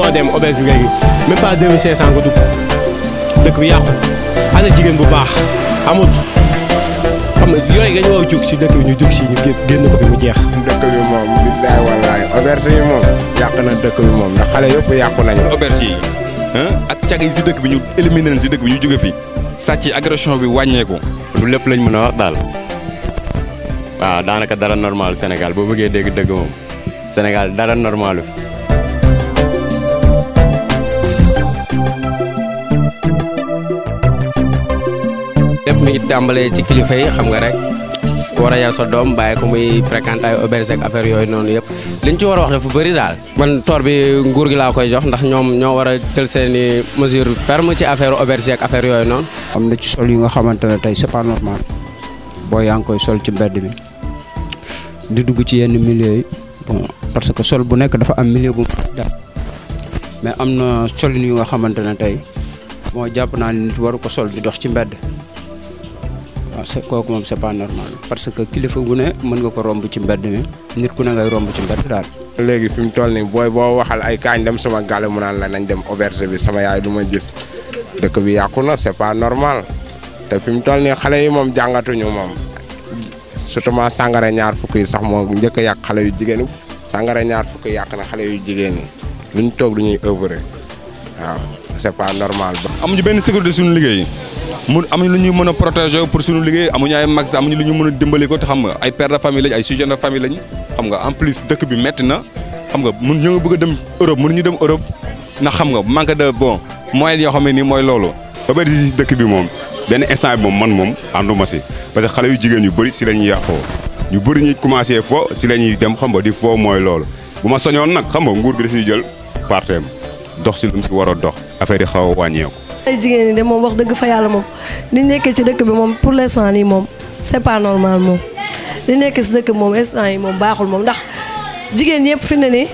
foo dem obèse léegi même pas 2500 ko dugg dekk bi yàqu ana jigen bu baax amut xam nga yooyu dañu war a jug si bi ñu jug ci ñu genn ko bi mu jeex. dekk bi bi billaay walay auberge yi mom yàq na dekk bi mom na xale yop yàqu nañu. auberge yi ak cag ci dekk bi ñu éliminer ci dekk bi ñu jóge fi sàcc agression bi ko lu lepp lañ mëna wax dal waaw daanaka dara normal Sénégal bo bëggé dégg dëgg mom Sénégal dara normal fi lépp mi ngi tàmbalee ci kilifa yi xam nga rek war a yar sa doom bàyyi ko muy fréquenté ay auberge affaire yooyu noonu yëpp liñ ci war a wax fu bëri daal man toor bi nguur gi laa koy jox ndax ñoom ñoo war a jël seen i mesure ferme ci affaire auberge ak affaire yooyu noonu am na ci sol yi nga xamante ne tey c'est pas boo yaa ngi koy sol ci mbedd mi dugg ci yenn milieu yi bon parce que sol bu nekk dafa am milieu bu am na sol yu nga xamante ne tey moo jàpp naa ne nit waru ko sol di dox ci mbedd kooku mem c'est pas normal parce que kilifa gu ne mën nga ko romb ci mbedd mi nit ku ne ngay romb ci mbedd daal. léegi fi toll nii booy boo waxal ay dem sama gàlle mu naan la nañ dem auberge bi sama yaay du gis dëkk bi c'est pas normal te fi mu toll nii xale yi moom jàngatuñu moom surtout ma sàngara ñaar fukk yi sax moo njëkk a yàq yu jigéen ñaar fukk ya, na yu luñ waaw. c'est pas normal. amuñu benn sécurité suñu liggéey mu amuñu lu ñuy mën a protéger pour suñu liggéey amuñu ay max amuñu lu ñu mën a dimbali ko te xam nga ay père de famille lañ ay sujet de famille lañ xam nga en plus dëkk bi métti na xam nga mun ñoo ngi bëgg a dem Europe ñu dem Europe na xam nga manque de bon moyen yoo xam ne nii mooy loolu. ba bëri si dëkk bi moom benn instant bi moom man moom ànduma si parce que xale yu jigéen yu bëri si la ñuy yàqoo ñu bëri ñuy commencé fo si la ñuy dem xam nga di fo mooy loolu ma soñoon nag xam nga nguur gi dafay jël parteem dox si si war a dox affaire yi xaw a ay jigéen ñi de moom wax dëgg fa yàlla moom li nekkee ci dëkk bi moom pour l'instant nii moom c'est pas normal moom li nekkee si dëkk bi moom instant yi moom baaxul moom ndax jigéen ñëpp fi ne ni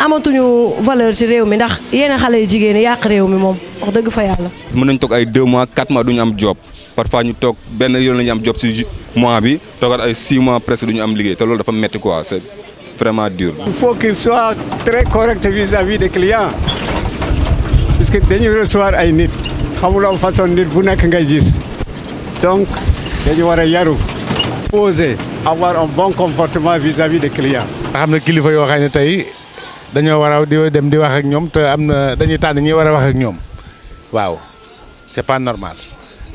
amatuñu valeur ci réew mi ndax yenn xale yu jigéen yàq réew mi moom wax dëgg fa yàlla. mën nañ toog ay 2 mois 4 mois duñu am job parfois ñu toog benn yoon la ñu am job si mois bi toogaat ay 6 mois presque duñu am liggéey te loolu dafa metti quoi c'est vraiment dur. il faut qu'il soit très correct vis-à-vis des clients. que dañu recevoir ay nit xamuloo façon nit bu nekk nga gis donc dañu war a yaru poser avoir un bon comportement vis-à-vis des clients nga xam ne kilifa yoo xam ne tey dañoo war a di dem di wax ak ñoom te am na dañuy tànn ñi war a wax ak ñoom waaw c'est pas normal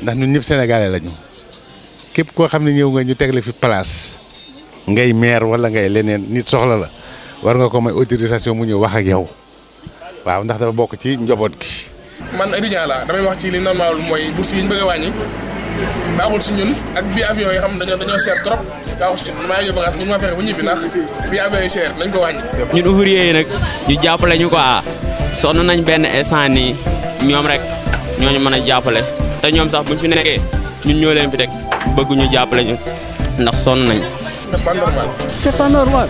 ndax ñun ñëpp sénégalais lañu képp koo xam ne ñëw nga ñu tegle fi place ngay maire wala ngay leneen nit soxla la war nga ko may autorisation mu ñëw wax ak yow waaw ndax dafa bokk ci njaboot gi man étudiant laa damay wax ci li normal mooy bu yi ñu bëgg a wàññi baaxul si ñun ak bi avion yi xam dañoo dañoo seer trop baaxul si ñun maa ngi bagage bu ñu ma fexe bu ñibbi ndax bi avion yi seer nañ ko wàññi ñun ouvrier yi nag ñu jàppale ñu quoi sonn nañ benn instant nii ñoom rek ñooñu mën a jàppale te ñoom sax buñ fi nekkee ñun ñoo leen fi teg bëgg ñu jàppale ñu ndax sonn nañ c'est pas normal c'est pas normal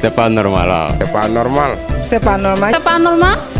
c'est pas normal waaw c'est pas normal C'est pas normal. C'est pas normal